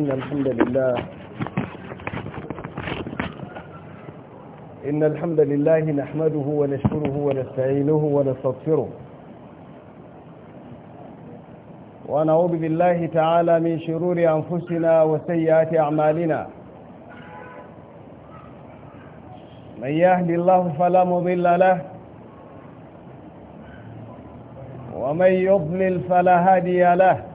إن الحمد لله إن الحمد لله نحمده ونشكره ونستعينه ونستغفره ونعوذ بالله تعالى من شرور أنفسنا وسيئات أعمالنا من يهدي الله فلا مضل له ومن يضلل فلا هادي له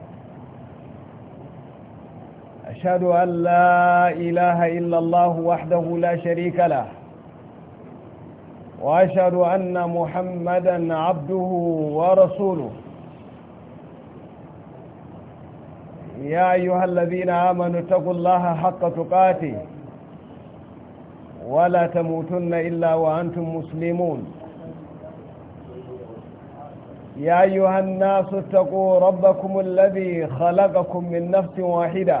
واشهد ان لا اله الا الله وحده لا شريك له واشهد ان محمدا عبده ورسوله يا ايها الذين امنوا اتقوا الله حق تقاته ولا تموتن الا وانتم مسلمون يا أيها الناس اتقوا ربكم الذي خلقكم من نفس واحدة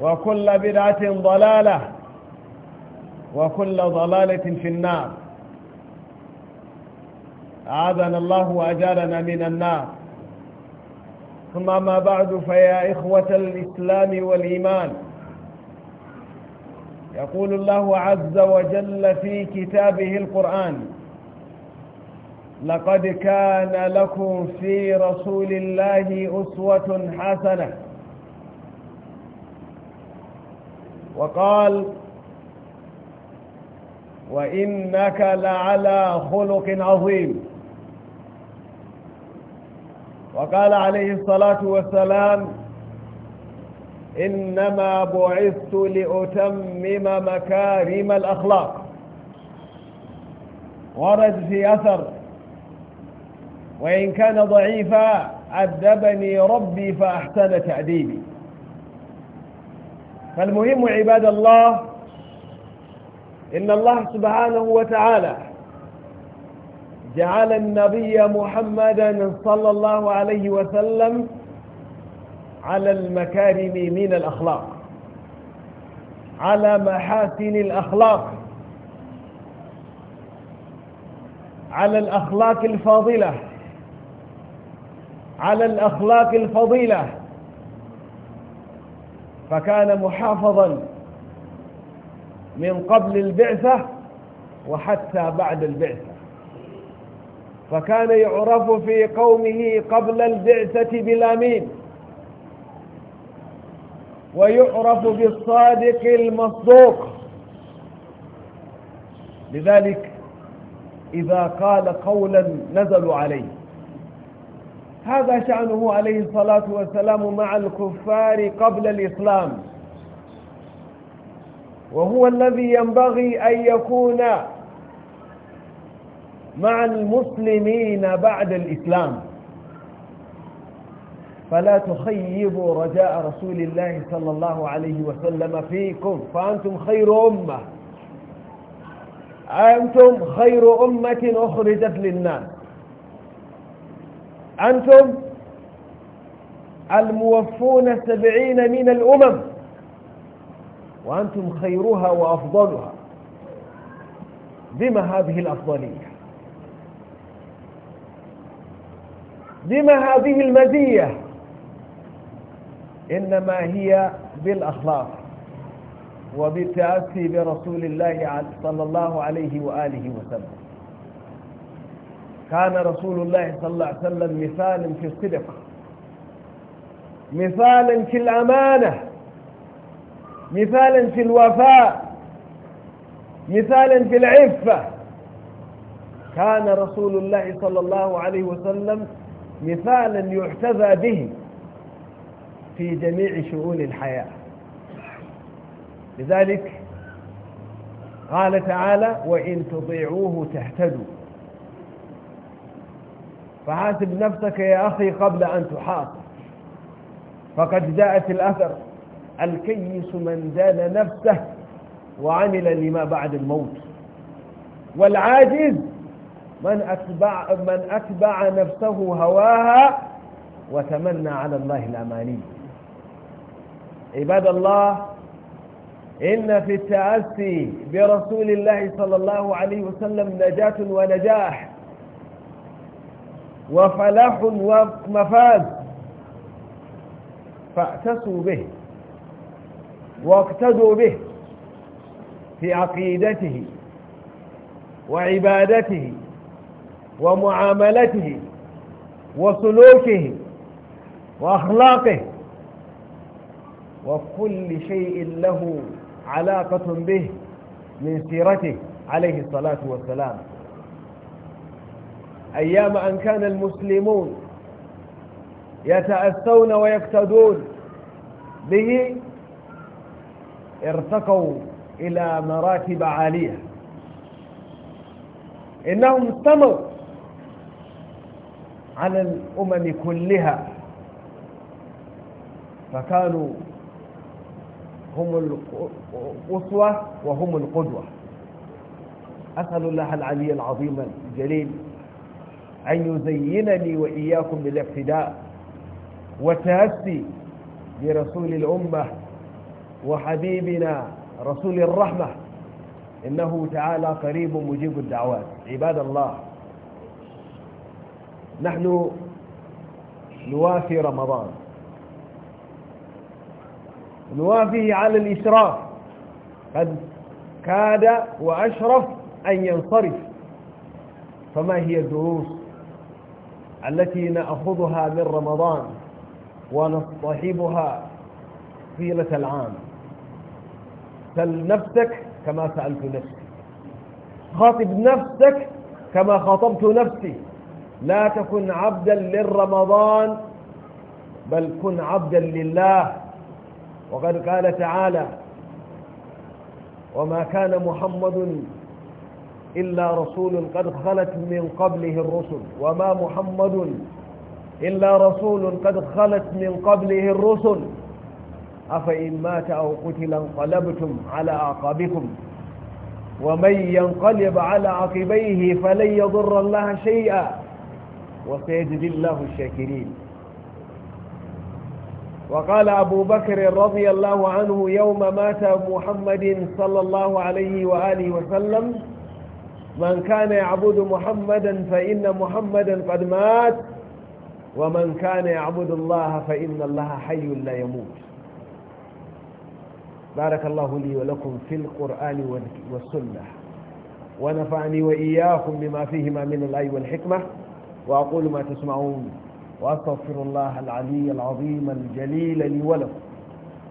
وكل بدعة ضلالة وكل ضلالة في النار أعاذنا الله وأجالنا من النار ثم ما بعد فيا إخوة الإسلام والإيمان يقول الله عز وجل في كتابه القرآن لقد كان لكم في رسول الله أسوة حسنة وقال وإنك لعلى خلق عظيم وقال عليه الصلاة والسلام إنما بعثت لأتمم مكارم الأخلاق ورد في أثر وإن كان ضعيفا أدبني ربي فأحسن تعذيبي فالمهم عباد الله إن الله سبحانه وتعالى جعل النبي محمدا صلى الله عليه وسلم على المكارم من الأخلاق على محاسن الأخلاق على الأخلاق الفاضلة على الأخلاق الفضيلة فكان محافظا من قبل البعثة وحتى بعد البعثة فكان يعرف في قومه قبل البعثة بالأمين ويعرف بالصادق المصدوق لذلك إذا قال قولا نزلوا عليه هذا شأنه عليه الصلاة والسلام مع الكفار قبل الإسلام وهو الذي ينبغي أن يكون مع المسلمين بعد الإسلام فلا تخيبوا رجاء رسول الله صلى الله عليه وسلم فيكم فأنتم خير أمة أنتم خير أمة أخرجت للناس أنتم الموفون سبعين من الأمم وأنتم خيرها وأفضلها بما هذه الأفضلية بما هذه المزية إنما هي بالأخلاق وبالتأسي برسول الله صلى الله عليه وآله وسلم كان رسول الله صلى الله عليه وسلم مثالا في الصدق مثالا في الأمانة مثالا في الوفاء مثالا في العفة كان رسول الله صلى الله عليه وسلم مثالا يحتذى به في جميع شؤون الحياة لذلك قال تعالى وإن تطيعوه تهتدوا فحاسب نفسك يا أخي قبل أن تحاسب فقد جاء في الأثر الكيس من دان نفسه وعمل لما بعد الموت والعاجز من أتبع, من أتبع نفسه هواها وتمنى على الله الأماني عباد الله إن في التأسي برسول الله صلى الله عليه وسلم نجاة ونجاح وفلاح ومفاز فاعتصوا به واقتدوا به في عقيدته وعبادته ومعاملته وسلوكه وأخلاقه وكل شيء له علاقة به من سيرته عليه الصلاة والسلام أيام أن كان المسلمون يتأسون ويقتدون به ارتقوا إلى مراتب عالية إنهم استموا على الأمم كلها فكانوا هم الأسوة وهم القدوة أسأل الله العلي العظيم الجليل أن يزينني وإياكم بالاقتداء وتأسي برسول الأمة وحبيبنا رسول الرحمة إنه تعالى قريب مجيب الدعوات عباد الله نحن نوافي رمضان نوافيه على الإشراف قد كاد وأشرف أن ينصرف فما هي الدروس التي نأخذها من رمضان ونصطحبها طيلة العام سل نفسك كما سألت نفسي خاطب نفسك كما خاطبت نفسي لا تكن عبدا للرمضان بل كن عبدا لله وقد قال تعالى وما كان محمد إلا رسول قد خلت من قبله الرسل وما محمد إلا رسول قد خلت من قبله الرسل أفإن مات أو قتل انقلبتم على أعقابكم ومن ينقلب على عقبيه فلن يضر الله شيئا وسيجزي الله الشاكرين وقال أبو بكر رضي الله عنه يوم مات محمد صلى الله عليه وآله وسلم من كان يعبد محمدا فإن محمدا قد مات ومن كان يعبد الله فإن الله حي لا يموت بارك الله لي ولكم في القرآن والسنة ونفعني وإياكم بما فيهما من الآي والحكمة وأقول ما تسمعون وأستغفر الله العلي العظيم الجليل لي ولكم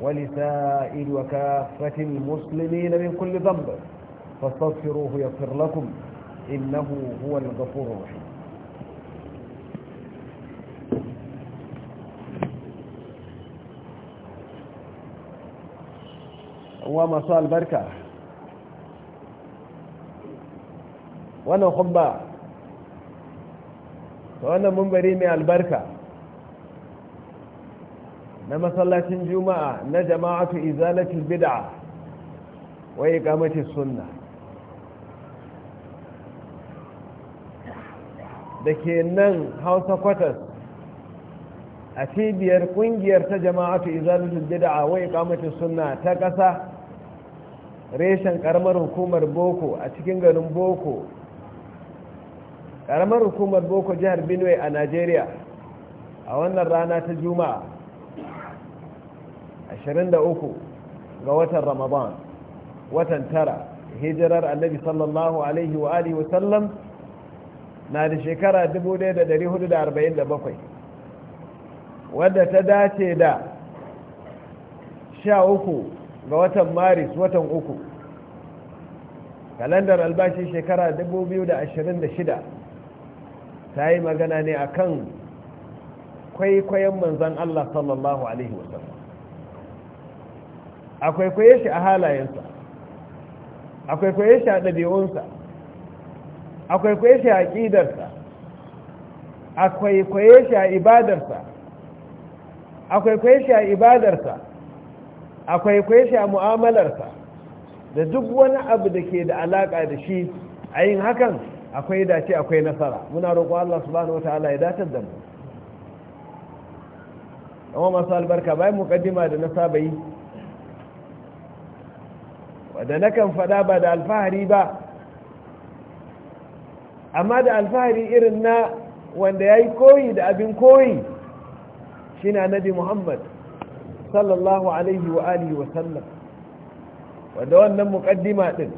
ولسائر وكافة المسلمين من كل ذنب فاستغفروه يغفر لكم إنه هو الغفور الرحيم ومساء البركة وانا خبا وانا منبري من البركة نما صلاة الجمعة نجمعه إزالة البدعة وإقامة السنة da ke nan hausa kwatas a cibiyar kungiyar ta jama'atu jida a wai iqamatu suna ta ƙasa reshen karamar hukumar boko a cikin garin boko karamar hukumar boko jihar benue a nigeria a wannan rana ta juma'a 23 ga watan ramadan watan tara hijirar annabi sallallahu alaihi wa alihi wasallam na da shekara 1447 wadda ta dace da 13 ga watan maris watan uku kalandar albashi shekara 2026 ta yi magana ne a kan kwaikwayon manzan Allah sallallahu Alaihi wasallam a kwaikwaye shi a halayensa a kwaikwaye shi a ɗabi'unsa a kwaikwaye shi a ƙidarsa a kwaikwaye shi a ibadarsa a kwaikwaye shi a ibadarsa a kwaikwaye shi a mu'amalarsa da duk wani abu da ke da alaƙa da shi a yin hakan akwai dace akwai nasara muna roƙon Allah subhanahu wataala ya datar da mu amma masu albarka bayan mukaddima da na saba yi wadda na kan fada ba da alfahari ba amma da alfahari irin na wanda ya yi koyi da abin koyi shi na nabi muhammad sallallahu alaihi wa alihi wa wanda wannan mukaddima din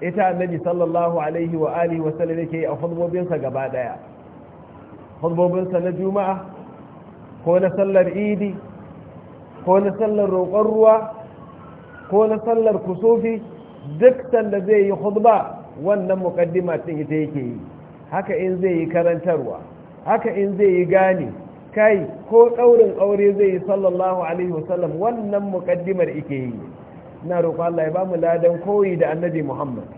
ita annabi sallallahu alaihi wa alihi wa sallam yake a hudubobinsa gaba daya hudubobinsa na juma'a ko na sallar idi ko na sallar roƙon ruwa ko na sallar kusofi duk sanda zai yi hudba wannan mukaddima din ita yake yi haka in zai yi karantarwa haka in zai yi gane kai ko ɗaurin aure zai yi sallallahu alaihi wasallam wannan mukaddimar ike yi na roƙo Allah ya ba mu ladan koyi da annabi Muhammad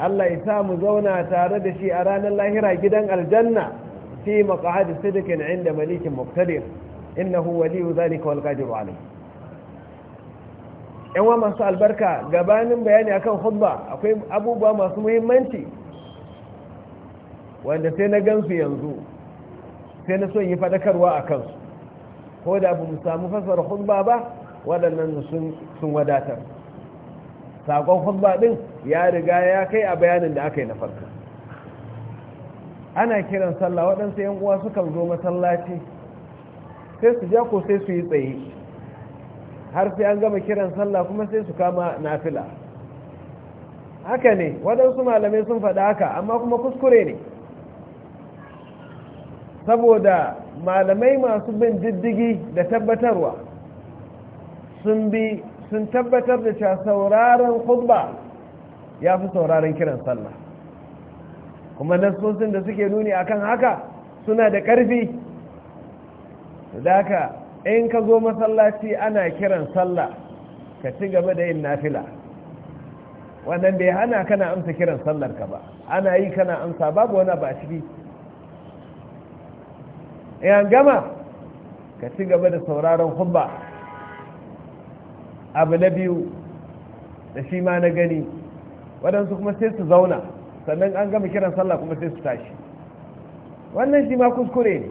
Allah ya sa mu zauna tare da shi a ranar lahira gidan aljanna fi maq'adi sidqin inda malikin muqtadir innahu waliyyu dhalika wal qadiru alayh yanwa masu albarka gabanin bayani akan hudba akwai abubuwa masu muhimmanci wanda sai na gansu yanzu sai na son yi fadakarwa a kansu ko da abu samu fasar hudba ba waɗannan sun wadatar saƙon hudba ɗin ya riga ya kai a bayanin da aka yi na farko ana kiran sallah waɗansu yan uwa sukan zo masallaci sai su ja ko sai su yi tsaye har sai an gama kiran sallah kuma sai su kama nafila haka ne waɗansu malamai sun faɗa haka amma kuma kuskure ne saboda malamai masu bin diddigi da tabbatarwa sun bi sun tabbatar da cewa sauraron khutba ya fi sauraron kiran sallah kuma nasosin da suke nuni akan haka suna da ƙarfi da haka in ka zo masallaci ana kiran sallah ka ci gaba da yin nafila wannan bai hana kana amsa kiran sallar ka ba ana yi kana amsa babu wani ba ciki yan gama ka ci gaba da sauraron hubba abu na biyu da shi ma na gani waɗansu kuma sai su zauna sannan an gama kiran sallah kuma sai su tashi wannan shi ma kuskure ne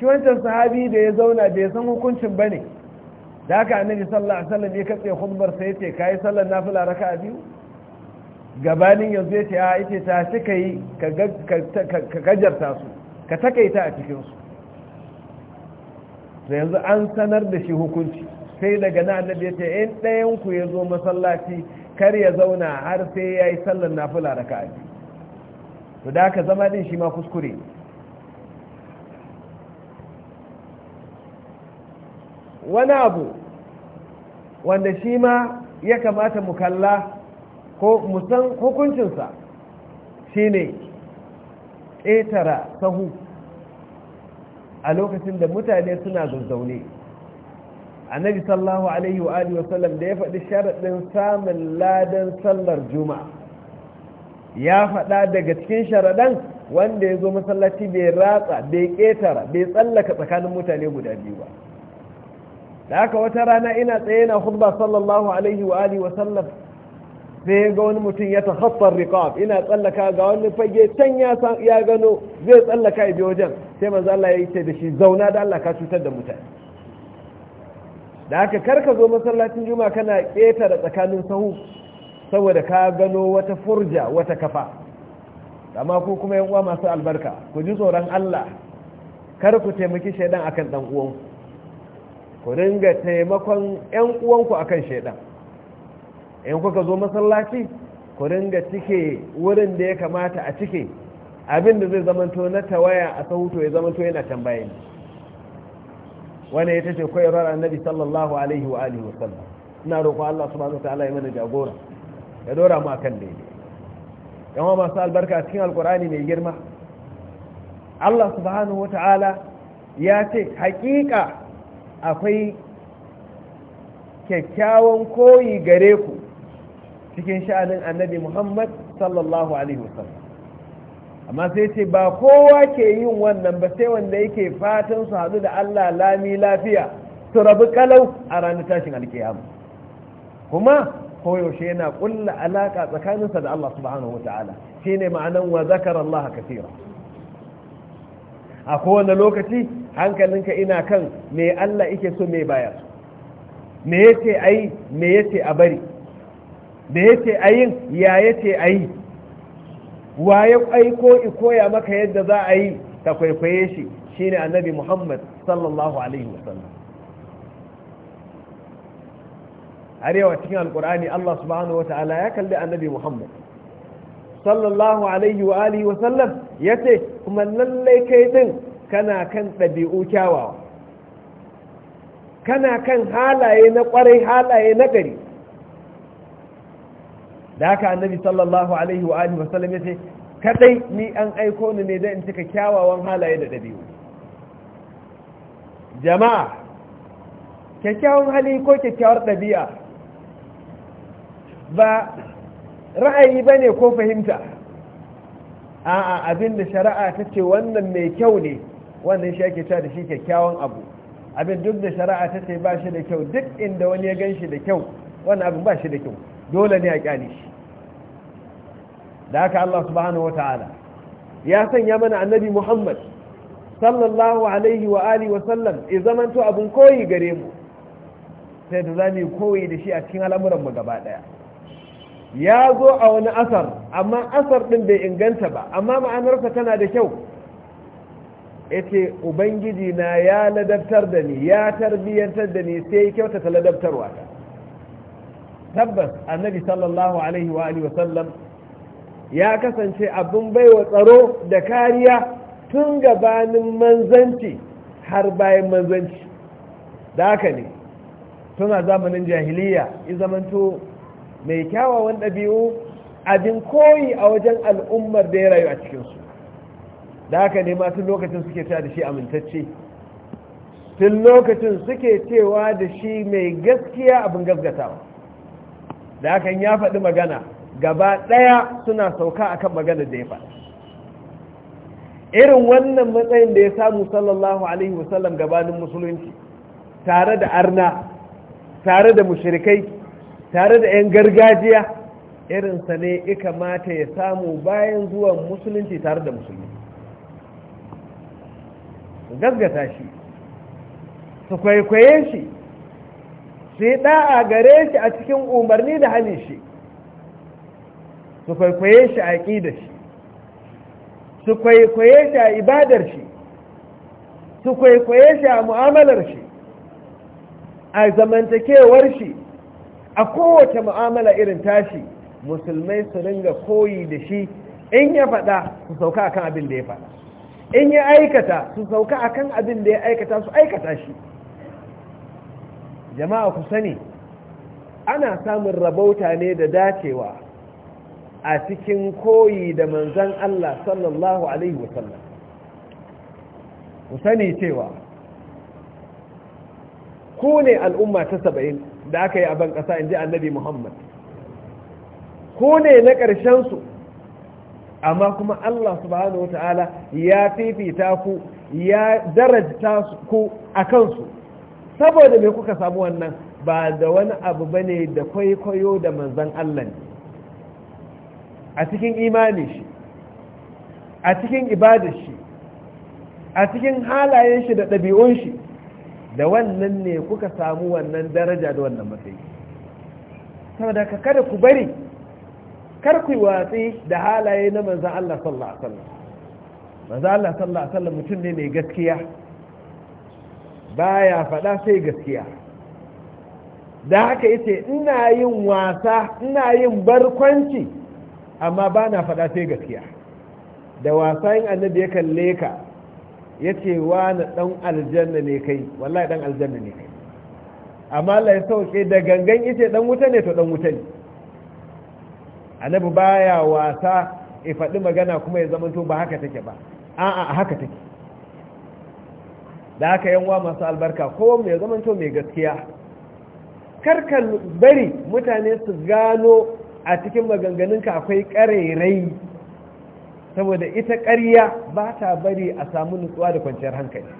shi wancan sahabi da ya zauna bai san hukuncin ba ne da haka annabi sallallahu alaihi wasallam ya katse khutbar sai yace kai sallar nafila raka'a biyu gabanin yanzu yace a yace ta suka yi ka gajarta su ka takaita a cikin su to yanzu an sanar da shi hukunci sai daga na annabi yace in eh, ɗayan ku ya zo masallaci kar ya zauna har sai yayi sallar nafila raka'a biyu to da haka zama din shi ma kuskure wani abu wanda shi ma ya kamata mu kalla ko musan hukuncinsa shine ƙetara sahu a lokacin da mutane suna zazzaune annabi sallahu alaihi wa alihi wasallam da ya faɗi sharaɗin samun ladan sallar juma'a ya faɗa daga cikin sharaɗan wanda ya zo masallaci bai ratsa bai ƙetara bai tsallaka tsakanin mutane guda biyu ba da haka wata rana ina tsaye na hudba sallallahu alaihi wa alihi wa sallam sai ga wani mutum ya ta tahaffar riqab ina tsallaka ga wani fage can ya gano zai tsallaka a bi wajen sai manzo Allah ya ce da shi zauna da Allah ka cutar da mutane da haka karka zo masallacin juma kana keta da tsakanin sahu saboda ka gano wata furja wata kafa amma ko kuma yan uwa masu albarka ku ji tsoron Allah kar ku taimaki shaidan akan dan uwanku ku dinga taimakon 'yan uwanku akan shaidan in kuka zo masallaci ku dinga cike wurin da ya kamata a cike abin da zai zamanto na tawaya a sahuto ya zamanto yana can ne wani ya tace koyarwar annabi sallallahu alaihi wa alihi wa sallam ina roƙo Allah subhanahu wa ta'ala ya mana jagora ya dora mu akan daidai yawa masu albarka a cikin alkur'ani mai girma Allah subhanahu wa ta'ala ya ce haƙiƙa akwai kyakkyawan koyi gare ku cikin sha'anin annabi muhammad sallallahu alaihi wasallam amma sai ce ba kowa ke yin wannan ba sai wanda yake fatan su hadu da allah lami lafiya su rabu kalau a ranar tashin alkiyama kuma koyaushe yana ƙulla alaƙa tsakaninsa da allah subhanahu wa ta'ala shine ma'anan wa zakar allah kafira a kowane lokaci hankalinka ina kan me Allah ike so me baya so me yace ai me yace a bari me yace ayin ya yace ayi waye aiko i koya maka yadda za a yi ta kwaikwaye shi shine annabi Muhammad sallallahu alaihi wasallam har yawa cikin alkur'ani Allah subhanahu wa ta'ala ya kalli annabi Muhammad sallallahu alaihi wa alihi wa sallam yace kuma lallai kai din kana kan ɗabi'u kyawawa kana kan halaye na ƙwarai halaye na gari da haka annabi sallallahu alaihi wa alihi wasallam ce kadai ni an aiko ni ne don in cika kyawawan halaye da ɗabi'u jama'a kyakkyawan hali ko kyakkyawar ɗabi'a ba ra'ayi bane ko fahimta a'a abinda shari'a ta ce wannan mai kyau ne wannan shi ake cewa da shi kyakkyawan abu abin duk da shari'a ta ce ba shi da kyau duk inda wani ya gan shi da kyau wannan abin ba shi da kyau dole ne a kyale shi da haka Allah subhanahu wata'ala ya sanya mana annabi Muhammad sallallahu alaihi wa alihi wa sallam ya zamanto abin koyi gare mu sai da zamu koyi da shi a cikin al'amuran mu gaba daya ya zo a wani asar amma asar din bai inganta ba amma ma'anarsa tana da kyau yace ubangiji na ya ladabtar da ni ya tarbiyantar da ni sai kyautata ladabtarwa ta tabbas annabi sallallahu alaihi wa alihi wasallam ya kasance abin baiwa tsaro da kariya tun gabanin manzanci har bayan manzanci da haka ne tuna zamanin jahiliya izamanto mai kyawawan ɗabi'u abin koyi a wajen al'ummar da ya rayu a cikinsu da haka ne ma tun lokacin suke cewa da shi amintacce tun lokacin suke cewa da shi mai gaskiya abin gaskatawa da ya faɗi magana gaba ɗaya suna sauka a kan magana da ya faɗi irin wannan matsayin da ya samu sallallahu alaihi wasallam gabanin musulunci tare da arna tare da mushirikai tare da 'yan gargajiya irinsa ne ikamata ya samu bayan zuwan musulunci tare da musulunci su gaggata shi su kwaikwaye shi su yi ɗa'a gare shi a cikin umarni da hannun shi su kwaikwaye shi a da shi su kwaikwaye shi a ibadar shi su kwaikwaye shi a mu'amalar shi a zamantakewar shi a kowace mu'amala irin tashi musulmai su ringa koyi da shi in ya faɗa su sauka kan abin da ya faɗa in ya aikata su sauka a kan abin da ya aikata su aikata shi jama'a ku sani ana samun rabauta ne da dacewa a cikin koyi da manzan Allah sallallahu alaihi wasallam ku sani cewa ku ne al'umma ta saba'in da aka yi a ban ƙasa in ji annabi muhammad ku ne na ƙarshen su. amma kuma Allah subhanahu wata'ala ya fifita ku ya darajta ku a kansu saboda me kuka samu wannan ba da wani abu bane da kwaikwayo da manzan Allah ne a cikin imani shi a cikin ibadar shi a cikin halayen shi da ɗabi'un shi da wannan ne kuka samu wannan daraja da wannan matsayi saboda ka kada ku bari kar ku watsi da halaye na manzan Allah sallallahu alaihi wasallam manzan Allah sallallahu alaihi wasallam mutum ne mai gaskiya baya faɗa sai gaskiya da haka yace ina yin wasa ina yin barkwanci amma ba na faɗa sai gaskiya da wasa yin annabi ya kalle ka ya ce wani ɗan aljanna ne kai wallahi ɗan aljanna ne kai amma Allah ya sauke da gangan ita ɗan wuta ne to ɗan wuta ne annabi baya wasa ya faɗi magana kuma ya zamanto ba haka take ba a'a haka take da haka yanwa masu albarka ko mai zamanto mai gaskiya karkar bari mutane su gano a cikin maganganunka akwai ƙarerai saboda ita ƙarya ba ta bari a samu nutsuwa da kwanciyar hankali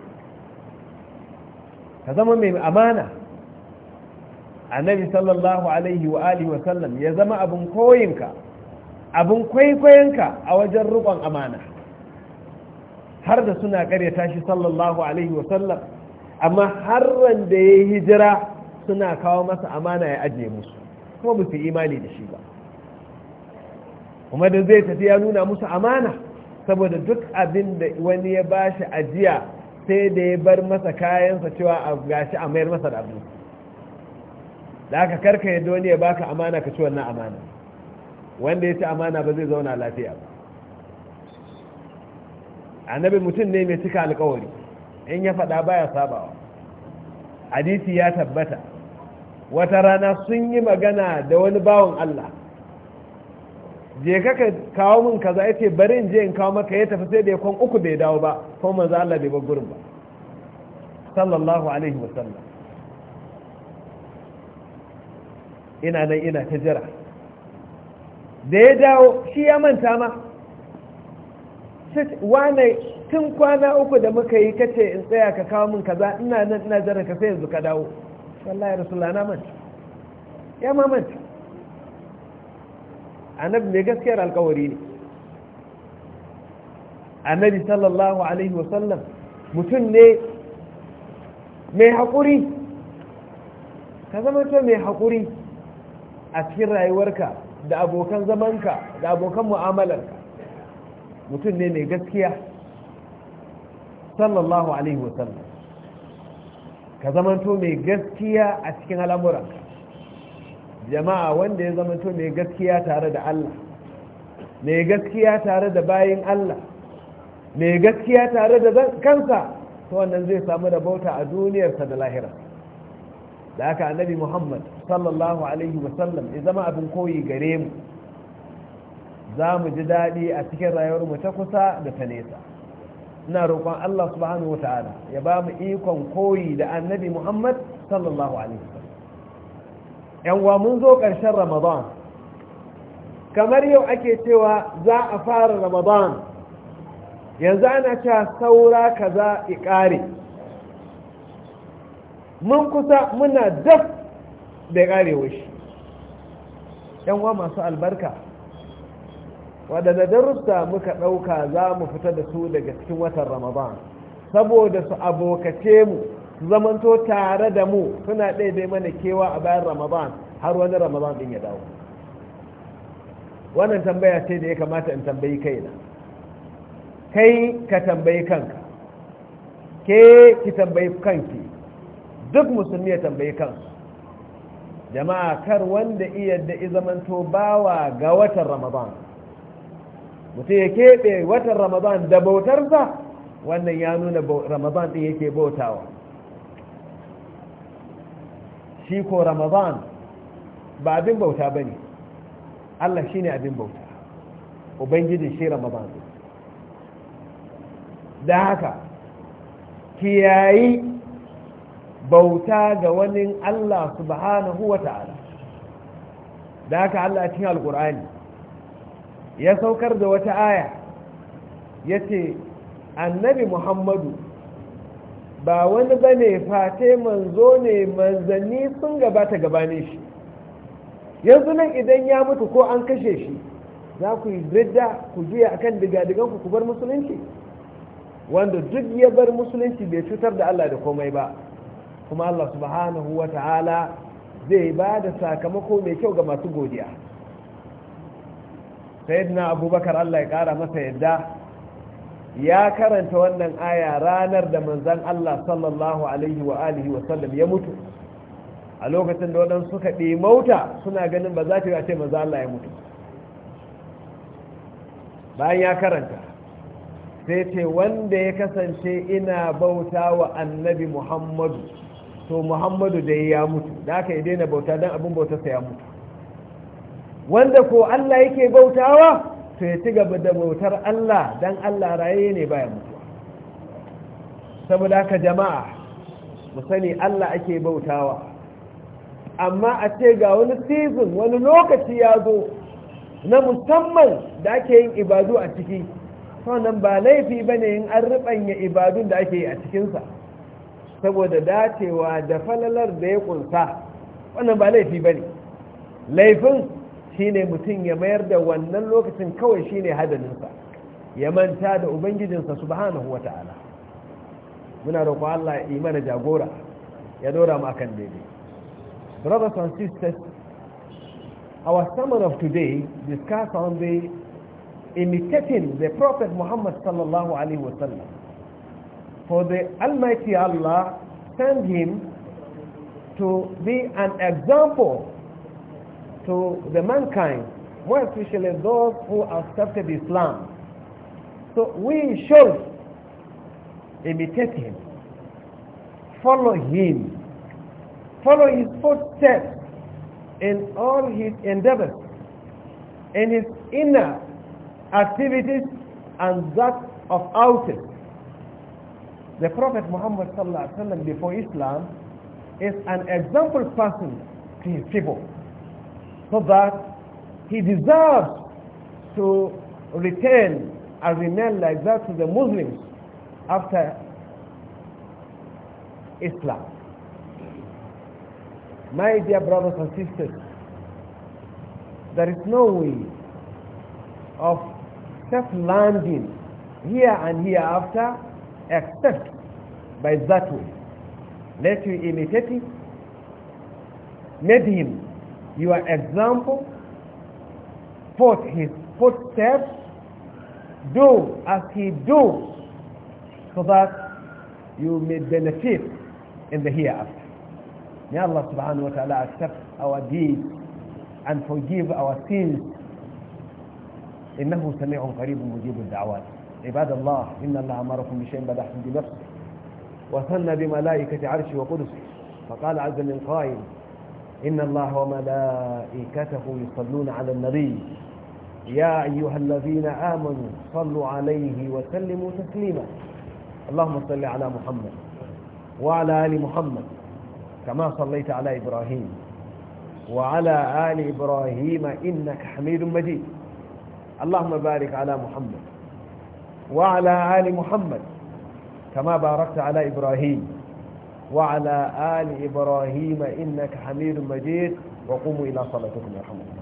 ka zama mai amana annabi sallallahu alaihi wa alihi wa sallam ya zama abin koyinka abin kwaikwayonka a wajen rukon amana har da suna karyata shi sallallahu alaihi wa sallam amma har da ya yi hijira suna kawo masa amana ya ajiye musu kuma ba su imani da shi ba kuma da zai tafi ya nuna musu amana saboda duk abin da wani ya bashi ajiya sai da ya bar masa kayansa cewa a gashi a mayar masa da abinci da aka karka yadda wani ya baka amana ka ci wannan amana wanda ya ci amana ba zai zauna lafiya ba annabi mutum ne mai cika alkawari in ya faɗa baya sabawa hadisi ya tabbata wata rana sun yi magana da wani bawan Allah je ka kawo min kaza yace bari in je in kawo maka ya tafi sai da kwan uku bai dawo ba kuma manzo Allah bai bar gurin ba sallallahu alaihi wasallam ina nan ina ta jira da ya dawo shi ya manta ma wane tun kwana uku da muka yi kace in tsaya ka kawo min kaza ina nan ina jira ka sai yanzu ka dawo wallahi rasulullahi na manta ya ma manta annabi mai gaskiyar alkawari ne annabi sallallahu alaihi wasallam mutum ne mai haƙuri ka zama mai haƙuri a cikin rayuwarka da abokan zamanka da abokan mu'amalarka mutum ne mai gaskiya sallallahu alaihi wasallam ka zamanto mai gaskiya a cikin al'amuranka jama'a wanda ya zamanto mai gaskiya tare da Allah mai gaskiya tare da bayin Allah mai gaskiya tare da kansa to wannan zai samu da bauta a duniyarsa da lahira da haka annabi muhammad sallallahu alaihi wasallam ya zama abin koyi gare mu za mu ji daɗi a cikin rayuwar mu ta kusa da ta nesa ina roƙon allah subhanahu wata'ala ya ba mu ikon koyi da annabi muhammad sallallahu alaihi wasallam yanwa mun zo ƙarshen ramadan kamar yau ake cewa za a fara ramadan yanzu ana cewa saura kaza ƙare mun kusa muna daf da karewa shi yanwa masu albarka waɗanda darussa muka ɗauka za mu fita da su daga cikin watan ramadan saboda su abokace mu zamanto tare da mu suna ɗaiɗai mana kewa a bayan ramadan har wani ramadan ɗin ya dawo wannan tambaya ce da ya kamata in tambayi kaina kai ka tambayi kanka ke ki tambayi kanki duk musulmi ya tambayi kansu jama'a kar wanda iya da izamanto bawa ga watan ramadan mutum ya keɓe watan ramadan da bautarsa wannan ya nuna ramadan ɗin yake bautawa shi ko ramadan ba abin bauta ba ne allah shi ne abin bauta ubangijin shi ramadan da haka kiyayi bauta ga wani Allah subhanahu wa ta'ala da haka Allah cikin alkur'ani ya saukar da wata aya ya ce annabi muhammadu ba wani ba ne fate manzo ne manzanni sun gabata gabane shi yanzu nan idan ya mutu ko an kashe shi za ku yi ridda ku juya akan digadiganku ku bar musulunci wanda duk ya bar musulunci bai cutar da Allah da komai ba kuma Allah subhanahu wa ta'ala zai ba da sakamako mai kyau ga masu godiya sayyidina abubakar Allah ya kara masa yadda ya karanta wannan aya ranar da manzan Allah sallallahu alaihi wa alihi wa sallam ya mutu a lokacin da waɗansu suka mauta suna ganin ba za ta yi a ce manzan Allah ya mutu bayan ya karanta sai ce wanda ya kasance ina bauta wa annabi muhammadu to muhammadu da ya mutu da aka yi daina bauta don abin bautarsa ya mutu wanda ko allah yake bautawa to ya ci gaba da bautar allah don allah raye ne baya mutuwa saboda haka jama'a mu sani allah ake bautawa amma a ce ga wani season wani lokaci ya zo na musamman da ake yin ibadu a ciki sannan ba laifi ba ne in an riɓanya ibadun da ake yi a cikinsa saboda dacewa da falalar da ya kunsa wannan ba laifi ba ne laifin shine mutum ya mayar da wannan lokacin kawai shine hadaninsa ya manta da ubangijinsa subhanahu wata'ala muna roƙo Allah ya yi mana jagora ya dora mu akan daidai brothers and sisters our sermon of today discuss on the imitating the prophet muhammad sallallahu alaihi wasallam For the Almighty Allah sent him to be an example to the mankind, more especially those who accepted Islam. So we should imitate him, follow him, follow his footsteps in all his endeavors, in his inner activities and that of outer. The Prophet Muhammad sallam, before Islam is an example person to his people so that he deserves to retain and remain like that to the Muslims after Islam. My dear brothers and sisters, there is no way of self-landing here and hereafter Accept by that way let you imitate him made him your example put his footsteps do as he do so that you may benefit in the hereafter may Allah subhanahu wa ta'ala accept our deeds and forgive our sins إنه سميع قريب مجيب الدعوات عباد الله إن الله أمركم بشيء حمد بنفسه وثنى بملائكة عرشه وقدسه فقال عز من قائل إن الله وملائكته يصلون على النبي يا أيها الذين آمنوا صلوا عليه وسلموا تسليما اللهم صل على محمد وعلى آل محمد كما صليت على إبراهيم وعلى آل إبراهيم إنك حميد مجيد اللهم بارك على محمد وعلى آل محمد كما باركت على إبراهيم وعلى آل إبراهيم إنك حميد مجيد وقوموا إلى صلاتكم يا يرحمكم